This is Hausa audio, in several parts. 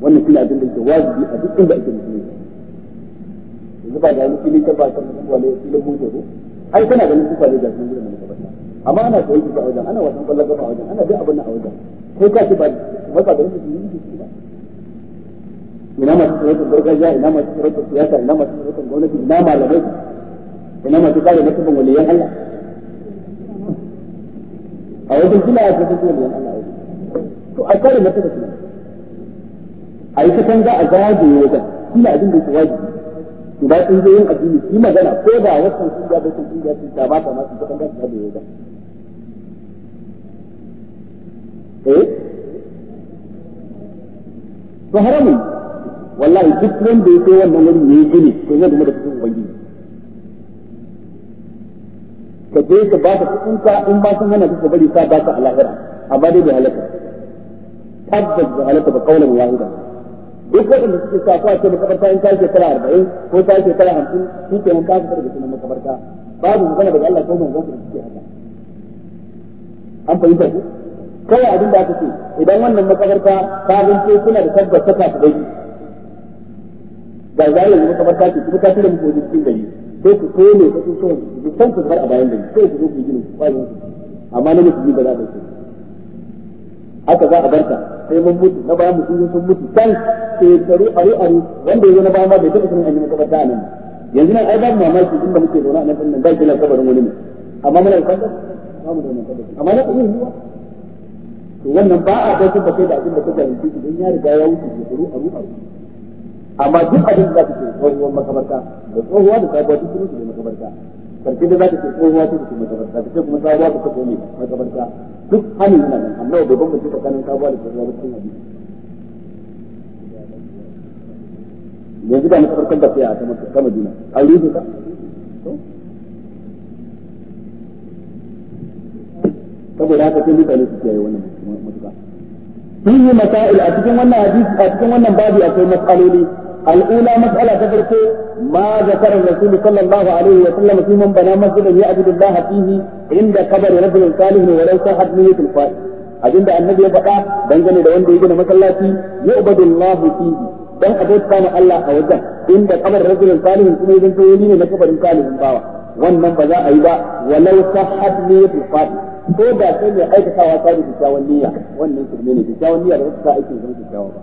wannan shi ne abin da ke wajibi a duk inda ake musulmi yanzu ba da wani fili ta ba ta wale filin hutu ne ai kana ganin kuka ne ga sun gudun da gabata amma ana koyi kuka a wajen ana wasan kwallon gaba a wajen ana duk abin a wajen ko ka ci ba ba ka ganin su yi su ba ina masu tsoron gargajiya ina masu tsoron siyasa ina masu tsoron gwamnati ina malamai ina masu kare nasibin waliyan Allah a wajen kila ya ce waliyan Allah to a kare nasibin a yi za a gado wajen shi ne abin da yake wajibi to ba sun zo yin addini shi magana ko ba wasan shi ga bakin sun ga sun da ba ta ma shi kasan za su wajen eh to haramun wallahi duk wanda ya kai wannan wani ne gini to zai da da cikin wani ka je ka ba ka kuɗin ka in ba san hana ka bari ka ba ka a lahira amma dai bai halaka tabbas bai halaka ba kaulan wahida duk waɗanda suke safa ce makabarta in ta shekara arba'in ko ta shekara hamsin shi ke nan ta fitar da sunan makabarta babu magana daga Allah ko manzon da suke haka an fahimta ku kawai abin da aka ce idan wannan makabarta ta rinke suna da tabbata ta kafa dai ga zalin makabarta ce kuma ta tura muku wajen cikin gari sai ku kone ka tsohon ku san ku bar a bayan gari sai ku zo ku gina ku kwazo amma na mutum ba za a ɗauke haka za a bar ta sai mun mutu na bayan mutu sun mutu can tsaro a aru wanda yazo na bayan ba bai taɓa sanin an yi ta nan yanzu nan ai babu mamaki inda muke zaune a nan din nan ba kila kabarin wani ne amma muna kan ba mu da kabarin amma na kuma yiwa to wannan ba a kai tabbata da abin da kake yi idan ya riga ya wuce ya tsaro a aru amma duk abin da zaka ce tsohuwar makabarta da tsohuwa da sabuwa duk sun su makabarta karshe da zaka ce tsohuwa ta ce makabarta ta ce kuma sabuwa ta ce makabarta duk hannun yana nan amma bai bambance tsakanin sabuwa da sabuwa cikin hadisi yanzu da na farkon da fiya a sama ta madina a rufe ka saboda haka sai mutane su kiyaye wannan sun yi masail a cikin wannan hadisi a cikin wannan babu akwai matsaloli al'ula matsala ta farko ما ذكر الرسول صلى الله عليه وسلم في من بنى مسجدا يعبد الله فيه عند قبر رجل صالح ولو صاحت نية الفائز abinda annabi ya faɗa dangane da wanda ya gina masallaci yau Allah fihi dan abota ma Allah a wajen inda kabar rajulin salihin kuma idan to ne na kabarin salihin bawa wannan ba za a yi ba walau sahhat niyyatul fadi ko da sai mai aikatawa ta da kyakkyawan niyya wannan shirme ne kyakkyawan niyya da wata aikin zama kyakkyawa ba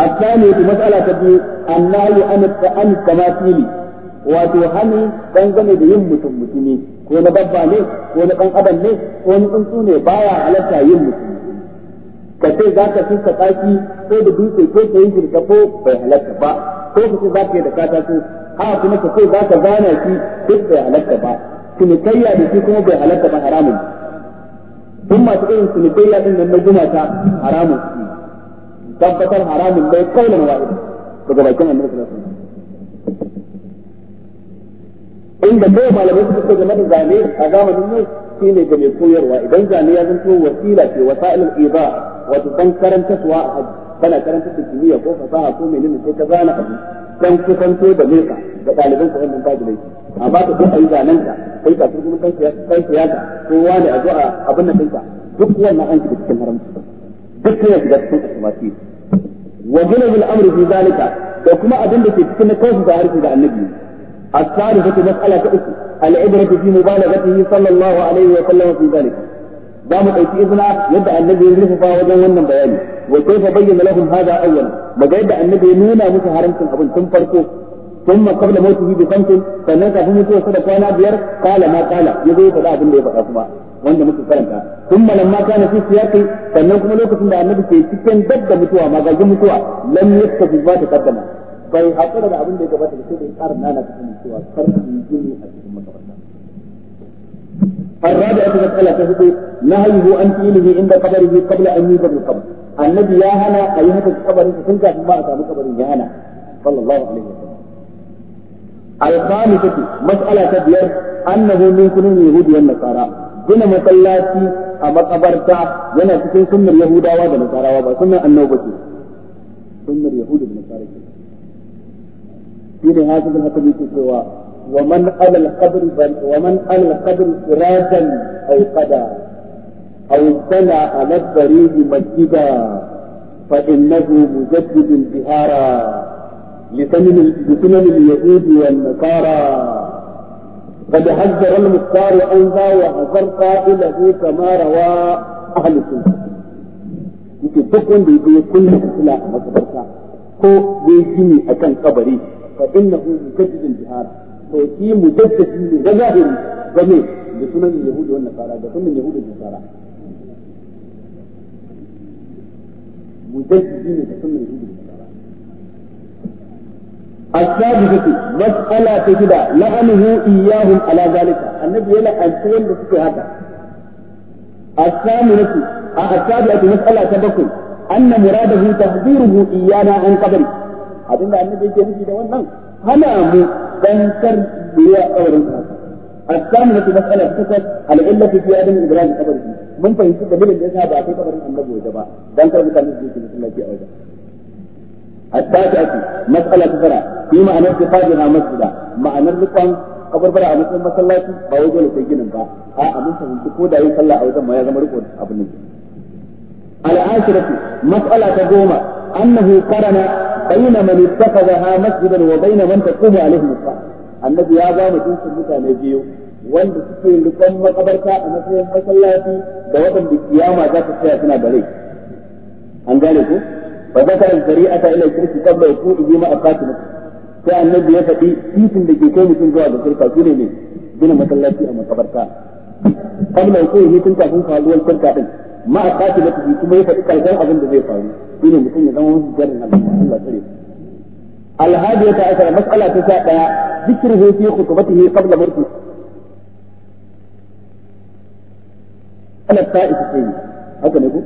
الثانية مسألة تبي النهي عن عن التماثيل wato hannu dangane da yin mutum mutumi ko na babba ne ko na ɗan ne ko na tsuntsu ne baya halatta yin mutum ka ce za ka shuka tsaki ko da dutse ko ka yi girka ko bai halatta ba ko ka za ka yi da katako a kuma ka ce za ka zana shi duk bai halatta ba cinikayya da shi kuma bai halatta ba haramun duk masu irin cinikayya din nan na gumata haramun tabbatar haramun bai kaulan wa'id daga bakin annabi sallallahu alaihi wasallam inda mai malamai suka game da zane a zamanin nan shi ne ga mai koyarwa idan zane ya zanto wasila ce wasa'ilul iba wato dan karantaswa a hajji kana karanta da kimiyya ko fasaha ko menene sai ka zana abu dan kusanto da nesa ga ɗaliban ka wannan babu laifi a ba ka ko a yi zanen ka kai ka kuma kai siyasa ko wani a zo a abin nan ɗinka duk wannan an shiga cikin haramci duk suna shiga cikin asmati wa gunabul amru fi zalika da kuma abin da ke cikin kansu da harfi da annabi asari as-salifatu ta uku al-ibratu fi mubalaghatihi sallallahu alaihi wa sallam fi zalika za mu ɗauki izina yadda annabi ya rufufa wajen wannan bayani wa kaifa bayyana lahum hada awwal maga yadda annabi ya nuna musu haramcin abin tun farko ثم قبل موته بخمس فنزع في موته سنة كان بير قال ما قال يقول فلا أبن لي فقط wanda muka karanta kuma lamma kana fi siyaqi sannan kuma lokacin da annabi ke cikin dadda mutuwa magagin mutuwa lam yastafi ba ta kaddama bai hakura da abin da ya gabata sai da karin nana cikin cewa kar a yi gini a cikin makabarta الرابعة مسألة تهدي نهيه عن فعله عند قبره قبل أن يوجد القبر النبي يا هنا أيها القبر تلك ما أتى قبر يا هنا صلى الله عليه وسلم الخامسة مسألة تبير أنه من كل اليهود والنصارى gina masallaci a makabarta yana cikin sunnar yahudawa da nasarawa ba sunnar annabi ce sunnar yahudu da nasarawa. ce shi ne hasil haka ne cewa wa man ala al-qabr wa man ala al-qabr iradan aw qada aw sala ala al-tariq masjida fa innahu mujaddid bihara لسنن اليهود والنصارى قد حذر المختار وأنذى وحذر قائله كما روى أهل السنة yake duk wanda ya ya kunna fitila a makabarta ko ya gini a kan kabari fa innahu mujaddidun jihar to shi mujaddidi ne da zahiri game da da ne da السادسة مسألة تجد لعنه إياهم على ذلك النبي يلا أنتين بسكي هذا الثامنة السابعة مسألة تبقي أن مراده تحذيره إيانا عن قبري هذا النبي يجب أن يقول هنا مو تنكر بيا أورنها الثامنة مسألة تكت العلة في عدم إدراك قبره mun fahimci dalilin da yasa ba a kai kabarin annabi waje ba dan kar mutane su yi cikin lafiya waje ta التاسعة مسألة ترى في معنى اتخاذها مسجدا معنى الرقم kabar bara a matsayin masallaci ba wai dole sai ginin ba a abin fahimci ko da yin sallah a wajen ma ya zama riko abin nan al'ashiratu mas'ala ta goma annahu qarana bayna man ittakhadha masjidan wa bayna man taqumu alaihi musa annabi ya ba mu dinkin mutane biyu wanda suke rikon makabarta a matsayin masallaci da waɗanda kiyama za ta tsaya suna da rai an gane ko fa zakara shari'ata ila shirki qabla yuqulu ma aqatilu sai annabi ya faɗi titin da ke kai mutum zuwa ga shirka shine ne gina masallaci a makabarta qabla yuqulu hitin kafin faruwar shirka din ma aqatilu kuma ya faɗi karshen abin da zai faru shine mutum ya zama musu jarin Allah tsare الهادية عشر مسألة تساءل ذكره في خطبته قبل موته أنا الطائفة هكذا نقول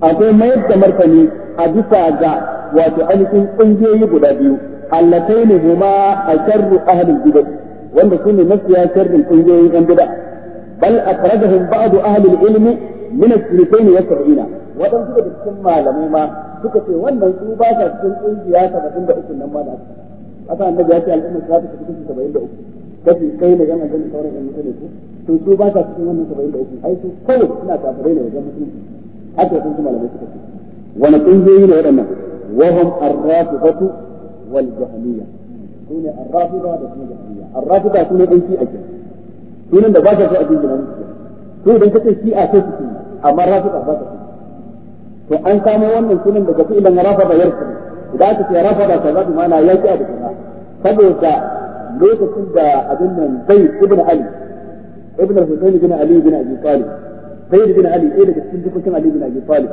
akwai mayar da martani a bisa ga wato ainihin ƙungiyoyi guda biyu allatai ne huma a sharru ahalin bid'a wanda su ne mafiya sharrin ƙungiyoyi yan gida bal a akhrajahum ba'du ahalin ilmi min as-sinatayn wa sab'ina wadan da cikin malamai ma suka ce wannan su ba sa cikin kungiya 73 nan ma da aka annabi ya ce al'umma ta ta cikin uku kace kai ne yan ajin sauran yan mutane to su ba sa cikin wannan 73 ai su kawai suna kafirai ne wajen mutunci. haka sun su malamai suka ce wani kungiyoyi ne waɗannan wahum ar-rafidatu wal jahmiyya sune ar-rafida da kuma jahmiyya ar-rafida sune ɗan shi'a ke sunan da ba ta so a cikin jama'a to idan kace shi'a sai su amma rafida ba ta so to an samo wannan sunan daga fi'lan rafida yarfu idan aka ce rafida ta bi mana ya ki da kaza saboda lokacin da abin nan zai ibn ali ibn al-husayn bin ali bin abi talib zai bin ali ɗaya daga cikin dukkan ali bin abi talib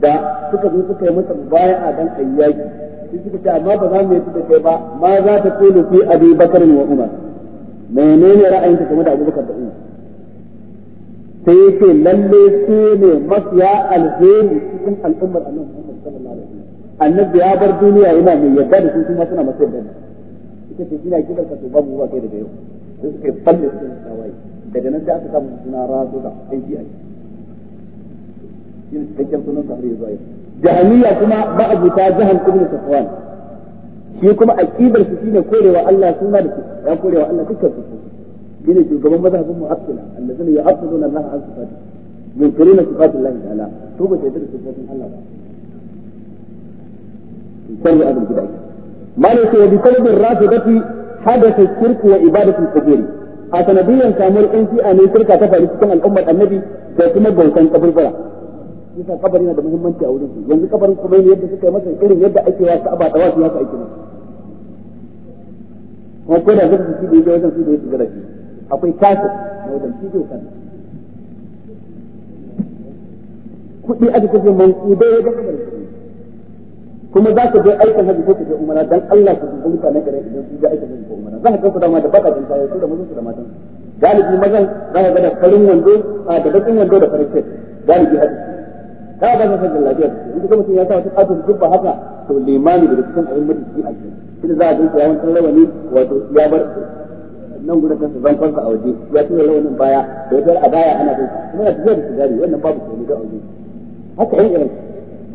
da suka zo suka yi masa bai'a dan a ayyaki sai suka ce amma ba za mu yi da kai ba ma za ta kulu fi abi bakar wa umar menene ra'ayinka game da abubakar da umar sai yake lalle su ne mafiya alheri cikin al'ummar annabi Muhammad sallallahu alaihi wasallam annabi ya bar duniya yana mai yadda da su kuma suna masu yadda suka ce ina kidan ka to babu ba kai daga yau sai suka falle su tawaye daga nan sai aka samu suna razuka ɗan shi ake yin ne cikakken sunan sahari zuwa zuwa jahaniya kuma ba ma'abuta jahal ibn safwan shi kuma aqidar su shine korewa Allah suna da su ya korewa Allah dukkan su shine shugaban mazhabin mu'attila allazina yu'attiluna Allah an sifati yunkiruna sifati Allah ta'ala to ba sai da sifatin Allah ba sai abin gidai malaka wa bi qalbi rafidati hadatha shirku wa ibadatu al-qubur a sanadiyan samuwar ɗan shi'a ne shirka ta faru cikin al'ummar annabi da kuma bautan kaburbura Nisa kabari yana da muhimmanci a wurin su yanzu kabarin kuma ne yadda suka yi masa irin yadda ake ya sa ba tawafi haka ake masa kuma ko da su shi da wajen su da yake garafi akwai kasir na wajen shi da kuɗi aka man kudai wajen kabarin kuma za ka je aikin hajji ko ka je umara dan Allah ka zuba mutanen gare idan su ga aikin hajji ko umara za ka kanku dama da baka jinta su da mazan su da matan galibi mazan za ka ga da farin wando a da bakin wando da farin kai galibi hajji ka ba ka hajji lafiya in kuma mutum ya sa su katon dubba haka to limami daga cikin ayyukan mutum a cikin shi za a jinta yawan kan rawani wato ya bar nan gudan kansa zan kansa a waje ya tura rawanin baya da ya a baya ana jinta kuma ya tafiya da sigari wannan babu komai ga aure haka yan irin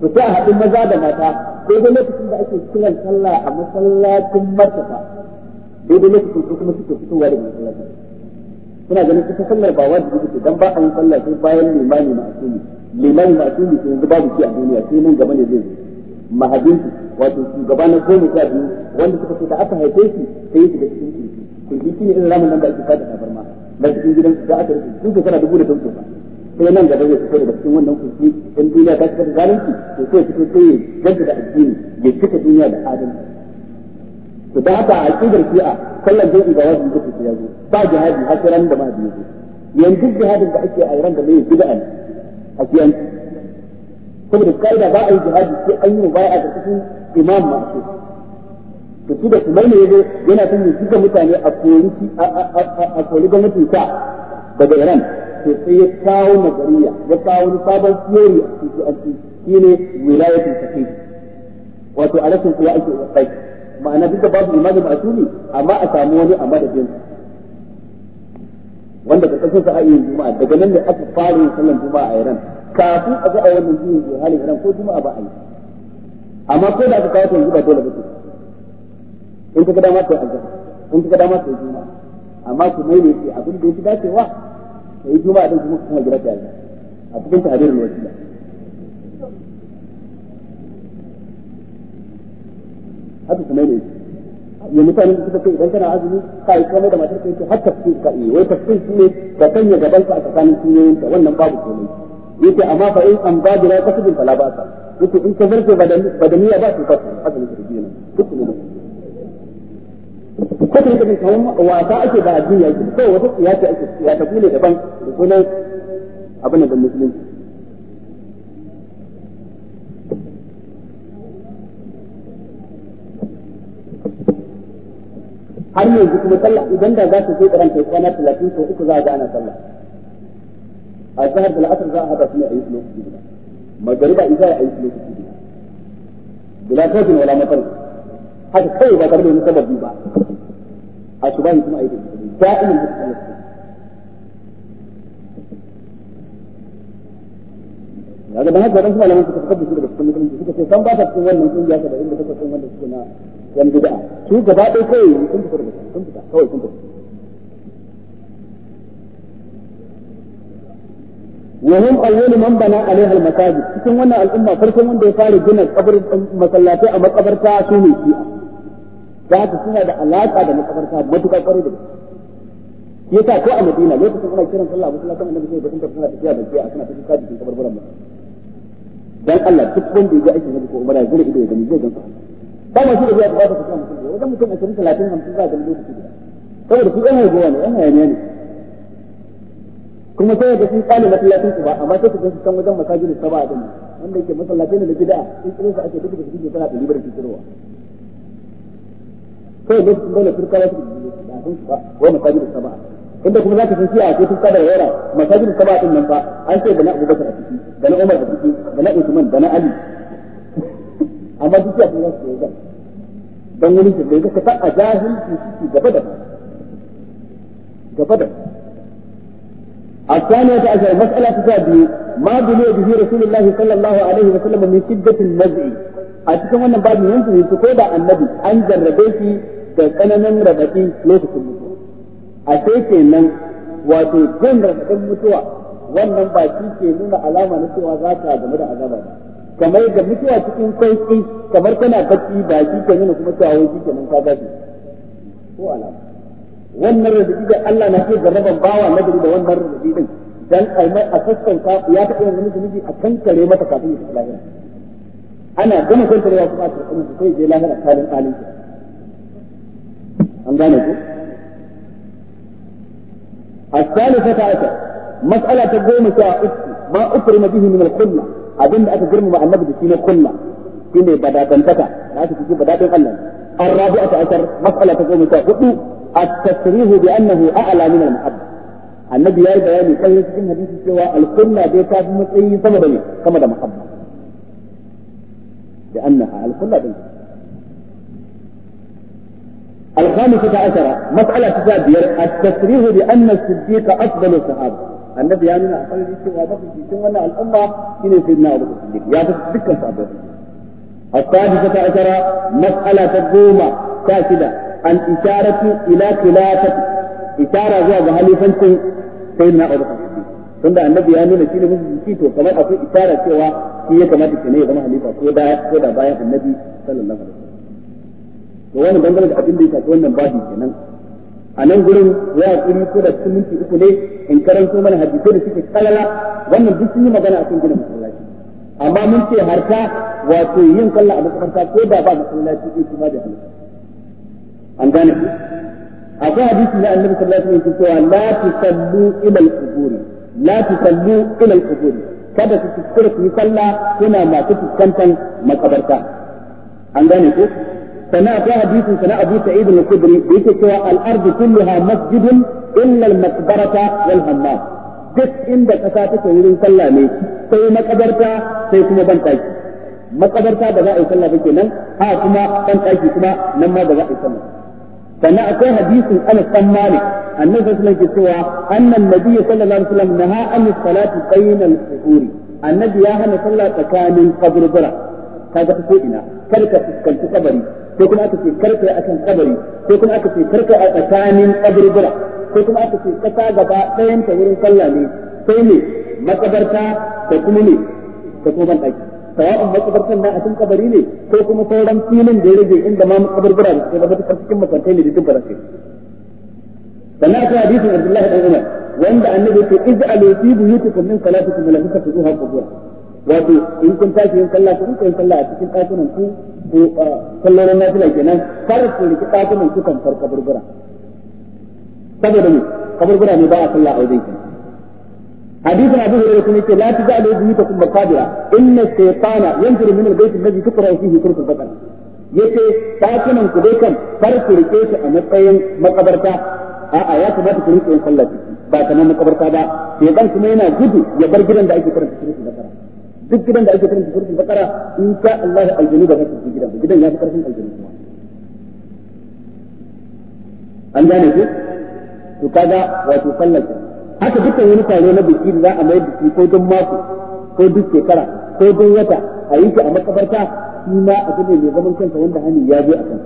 ku sai a haɗu maza da mata daidai lokacin da ake kiran sallah a masallacin martaba daidai lokacin su kuma suke fitowa da masallacin suna ganin ita sallar ba wajibi ba dan ba a yin sallah sai bayan limami ma'asumi limami ma'asumi sai yanzu babu shi a duniya sai nan gaba ne zai zo mahadinsu wato shugaba na goma sha biyu wanda suka ce da aka haife shi sai shiga cikin ji shi ne irin ramin nan da ake fada tabarma na cikin gidan da aka rufe tun kana dubu da tun sai nan gaba zai fito daga cikin wannan kuci in duniya ta cika da zalunci to sai fito sai ya jaddada da addini ya cika duniya da adalci to da haka a kidar shi'a kallon jami'i ga wajibi take sai yazo ba jihadi har ran da ma biyu yanzu jihadin da ake a ran da ne bid'a ne a kiyan saboda kaida ba a yi jihadi sai an yi bai'a da cikin imam masu to su da su kuma ne yazo yana son ya shiga mutane a kori a kori gwamnatin sa daga Iran to sai ya kawo nazariya ya kawo wani sabon theory a cikin shi ne wilayatul taqi wato a rashin kuwa ake wasai ma'ana duk da babu imani ne amma a samu wani a madadin wanda ka kasu sa yin juma'a daga nan ne aka fara yin sallan juma'a a Iran kafin a ga a wannan juyin juhalin Iran ko juma'a ba a yi amma ko da aka kawo ta yanzu ba dole ba in ka ga dama ta zama in ka ga dama ta juma'a amma ku mai ne abin da yake dacewa yi juma'a din kuma kuma gida tare a cikin tarihin wajila haka kuma ne ya mutane suka kai idan kana azumi ka yi kamar da matar ka yake hatta su ka yi wai tafsir shi ne ka sanya gaban ka a tsakanin sunyoyin ka wannan babu komai yake amma fa in an ba da kasabin fala ba ka yake in ka zarce badaniya ba su kasu haka ne ka ji duk ne ko ta yi kaman wasa ake ba addini yake ko wata siyasa ake ya ta kule daban da sunan abin da musulunci har yanzu kuma sallah idan da za ta je karanta kwana talatin ko uku za a ga ana sallah a zahar da la'asar za a haɗa su ne a yi lokaci guda magariba isa a yi lokaci guda bila kofin wala matsala haka kawai ba tare da wani sababi ba a tubahi kuma a yi tafi su daga kuma su daga cikin suka ce san ba ta cikin wannan kungiya ta da inda cikin wanda yan bid'a su gaba ɗaya kawai sun fita daga sun fita kawai sun fita وهم أول من بنى عليها المساجد al'umma farkon wanda ya fara gina kabarin eh, masallatai a makabarta su shi'a da haka suna da alaka da makabarta matuƙa ƙwarai da yasa ko a Madina lokacin ana kiran sallah abu sallah kan annabi sai da kanta da tafiya da kiya suna tafiya kabar kabarbaran mu dan Allah duk wanda ya ji aikin nabi ko umara ya gure ido ya gani zai gansa ba ma shi da zai ba ta fita mutum wajen mutum 20 30 50 za ga lokaci guda saboda su ɗan haihuwa ne ɗan hayaniya ne kuma sai da sun tsale masallacin ku ba amma sai su san wajen masajin su ba wanda yake masallacin da gida in kuma su ake duk da su ke tsara da libar fitirwa kai lokacin dole turkawa su da sun ba wa masajidu saba'a inda kuma zaka san shi'a ko turka da yara masajidu saba'a din nan ba an ce da na Abubakar a ciki da na Umar a ciki da na Usman da na Ali amma duk ya kuma su yaga dan wani da ka a jahilci shi gaba da gaba da الثانية عشر مسألة تسابق ma bulu به rasulullahi sallallahu alaihi wa sallam وسلم من شدة a cikin wannan babu mun fahimci ko da annabi an jarrabe shi da tsananin rabaki lokacin mutuwa a sai kenan wato wannan ba shi ke nuna alama na cewa za ta game da azaba ba kamar da mutuwa cikin sauki kamar kana bacci ba shi ke nuna kuma cewa wai shi nan ka gaji ko alama wannan radadi da Allah na ce jarraban bawa nagari da wannan radadi din dan a mai a sassauta ya taɓa yin namiji miji a kankare mata kafin ya tafi lahira ana gama kankare ya kuma a karɓar sai je lahira kalin alin an gane ku الثالثة عشر مسألة تقوم ساعة ما أكرم به من القلة أبن أتجرم مع النبي في القلة shine badatan taka da su fi badatan Allah ta goma الرابعة hudu مسألة تقوم bi annahu بأنه min al-muhabba annabi yayi bayani kai cikin hadisi cewa al-kunna dai ta fi matsayi sama da ne da muhabba da annaha al-kunna din الخامسة عشرة مسألة تسابير التصريح بأن الصديق أفضل الصحابة النبي يعني أنا أقول لك وأبقى في سنة الأمة إن سيدنا أبو الصديق يا تصدق الصحابة السادسة عشرة مسألة الرومة كاسدة الإشارة إلى خلافة ishara zuwa ga halifancin sayyidina Abubakar tunda annabi ya nuna shi ne musulunci to kamar akwai ishara cewa shi ya kamata shi ne ya zama halifa ko da ko da bayan annabi sallallahu alaihi wasallam to wani bangare da abin da ya shafi wannan babu kenan a nan gurin ya kuri ko da sun minti uku ne in karanto mana hadisai da suke kalala wannan duk sun yi magana a cikin gina masallaci amma mun ce harka wato yin kallon abu masallaci ko da ba masallaci ko kuma da an gane a akwai hadisi na annabi sallallahu alaihi wasallam cewa la tusallu ila al-quburi la tusallu ila al-quburi kada ku kuskura ku yi sallah kuna masu fuskantar makabarta an gane ku sana akwai hadisin sana Abu Sa'id al-Khudri da yake cewa al-ardu kulluha masjidun illa al-maqbarata wal hammam duk inda kasa take wurin sallah ne sai makabarta sai kuma ban taki makabarta da za a yi sallah ba nan ha kuma ban kuma nan ma da za a yi sallah sannan akwai hadisin Anas dan mali. annabi sallallahu alaihi cewa annan nabi sallallahu alaihi wasallam naha an salati bayna quburi annabi ya hana sallah tsakanin kaburbura kaga ta ina kar ka fuskanci kabari sai kuma aka ce kar ka yi akan kabari sai kuma aka ce kar ka a tsakanin kaburbura sai kuma aka ce kasa gaba ɗayan ta wurin sallah ne sai ne makabarta da kuma ne ta kuma ban ɗaki sawa'un makabartan na a cikin kabari ne ko kuma sauran filin da ya rage inda ma makabarbura ne da mutum cikin makantai ne da duk barasai sannan akwai hadisin Abdullahi dan Umar wanda annabi ya ce ij'alu fi buyutikum min salatikum la tasfuha qubur wato in kun tashi yin sallah ku kun sallah a cikin ɗakunan ku ko sallolin nafila kenan kar ku riki ɗakunan ku kan farka burbura saboda mu kaburbura ne ba a sallah a wajen حديث أبو هريرة كنت لا تجعلوا بيوتكم مقابرة إن الشيطان ينفر من البيت الذي تقرأ فيه سورة البقرة yace dakunan ku dai kan kar ku rike a matsayin makabarta a'a ya kamata ku rike sallah ba kamar makabarta ba sai dan kuma yana gudu ya bar gidan da ake karanta suratul duk gidan da ake karanta suratul in ka Allah aljinu ba zai gidan gidan ya fi karfin aljinu kuma an gane ku to kaga wato sallah haka dukkan wani taro na biki da za a mai biki ko don mako ko duk shekara ko don wata a yi shi a makabarta shi ma abu ne mai zaman kansa wanda hani ya je a kan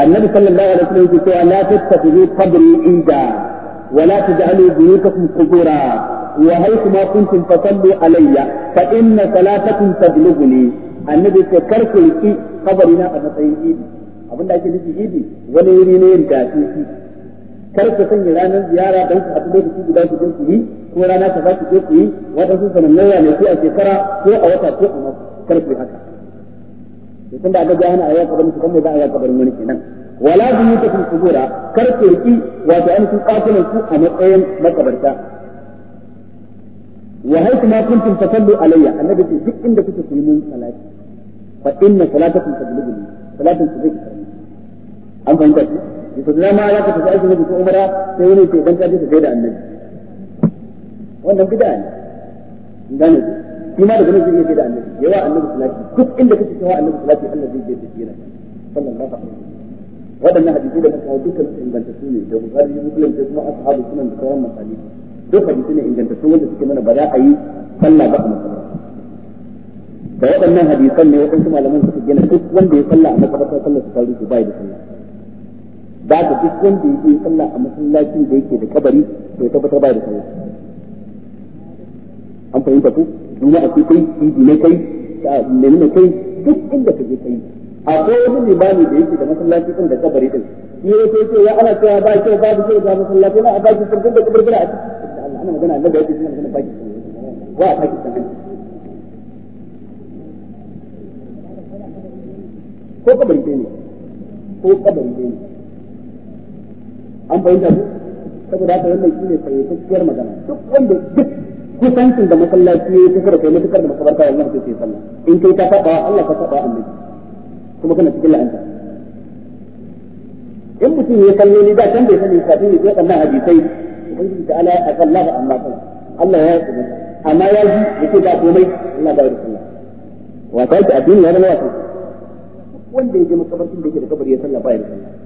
annabi sallallahu alaihi wasallam yake cewa la tattakhidhu qabri inda wa la taj'alu buyutakum qubura wa haythuma kuntum fasallu alayya fa inna salatakum tablughuni annabi ce kar ku riki kabarina a matsayin idi abinda ake nufi idi wani wuri ne yin dafi kar ku sanya ranar ziyara don ku haɗu lokaci guda ku ku yi ko rana ta za ku je ku yi waɗansu sanannaya ne ke a shekara ko a wata ko a mako kar ku yi haka Sun da aka ga hana a yau ba su kamar za a yau kabarin wani kenan wala bi yutakum kubura kar ku riki wato an kun kafinan ku a matsayin makabarta wa haiku ma kuntum tasallu alayya annabi ce duk inda kuke ku yi mun salati fa inna salatakum tablughu salatin su zai karbi an fahimta to da ma za ka tafi aikin hajji ko umara sai wani ce dan ka je ka da annabi wannan bid'a ne gane shi ma da gani zai iya da annabi yawa annabi salati duk inda kake cewa annabi salati Allah zai je da shi yana sallallahu alaihi wasallam Wadannan hadisi da kawo dukkan su ingantattu ne da bukari da muslim da kuma ashabu sunan da sauran masali duk hadisi ne ingantattu wanda suke mana ba za a yi sallah ba a masallaci da waɗannan hadisan ne waɗansu malaman suka gina duk wanda ya sallah a masallaci sallar su faru su bai da sallah ba da duk wanda yake sallah a masallacin da yake da kabari to ya tabbatar ba da sallah an fahimta ku duniya a kai idi ne kai ne ne kai duk inda kake kai akwai wani limami da yake da masallaci din da kabari din shi ya sai ya ana cewa ba kyau babu kyau ga masallaci na a baki sun da kaburbura a cikin Allah ana magana Allah da yake cikin magana baki wa a baki sun ko kabari ne ko kabari ne an fahimta ku saboda haka wannan shine fahimtacciyar magana duk wanda duk kusancin da masallaci ya kusa da kai matukar da makabarta wannan sai kai sallah in kai ka faɗa Allah ka saba annabi kuma kana cikin la'anta in mutum ya kallo ni da can bai sani kafin ya tsaya nan hadisai ubangiji ta ala ya kalla ba amma kan Allah ya yi amma ya ji yake da komai Allah ba ya sallah wa ta ki addini ya zama wata wanda ya je makabartin da yake da kabari ya sallah ba ya sallah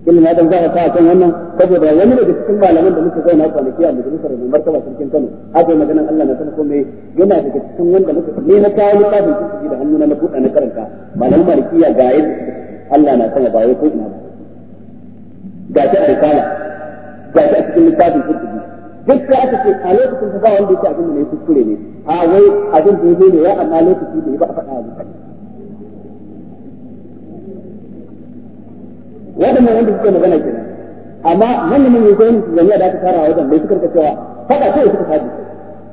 kullum ya dan za a sa kan wannan saboda wani daga cikin malaman da muka zauna kwana kwanaki a majalisar mai martaba cikin Kano aka yi maganan Allah na sanar kome yana daga cikin wanda muka ne na kawo ni kafin su da hannu na buɗa na karanta malaman malikiya ga yadda Allah na sama ba wai ko ina ba ga ta alƙala ga ta cikin littafin su duk da aka ce a lokacin ba wanda yake abin da ne kuskure ne a wai abin da ya zo ne ya amma lokaci da ya ba a faɗa a mutane waɗannan wanda suke magana kenan amma nan mun yi koyon zaniya da aka fara a wajen bai suka cewa faɗa sai suka fadi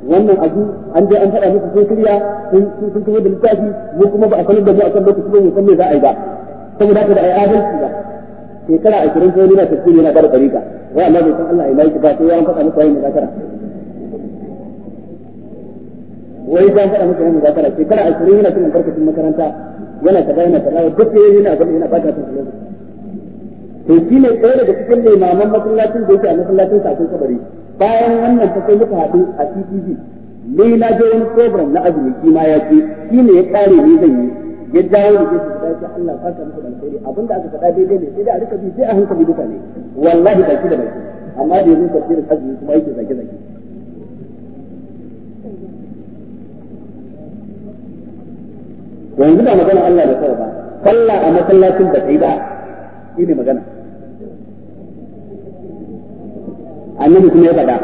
wannan abu an je an faɗa musu sun kirya sun kuma da littafi mu kuma ba a sanar da mu akan lokaci ba mu san me za a yi ba saboda haka da ai adalci ba shekara ashirin ko yana tafi yana bar ɗariƙa wai Allah bai san Allah ya yi ba sai ya faɗa musu yayin muzakara wai ya faɗa musu yayin muzakara shekara ashirin yana cikin karkashin makaranta yana kaza yana kaza duk yayin yana abin yana bata su lokaci to shi ne ɗaya daga cikin limaman masallacin da yake a masallacin kafin kabari bayan wannan ta sai muka haɗu a CCTV ni na je wani program na azumi shi ma ya ce shi ne ya ƙare ni zan yi ya dawo da ke su dace Allah ka ka muku alkhairi abinda aka faɗa daidai ne sai da a rika bi sai a hankali duka ne wallahi ba shi da baki amma da yanzu tafsirin azumi kuma yake zage zage yanzu da magana Allah da sarrafa sallah a masallacin da kai ba shi ne magana annabi kuma ya faɗa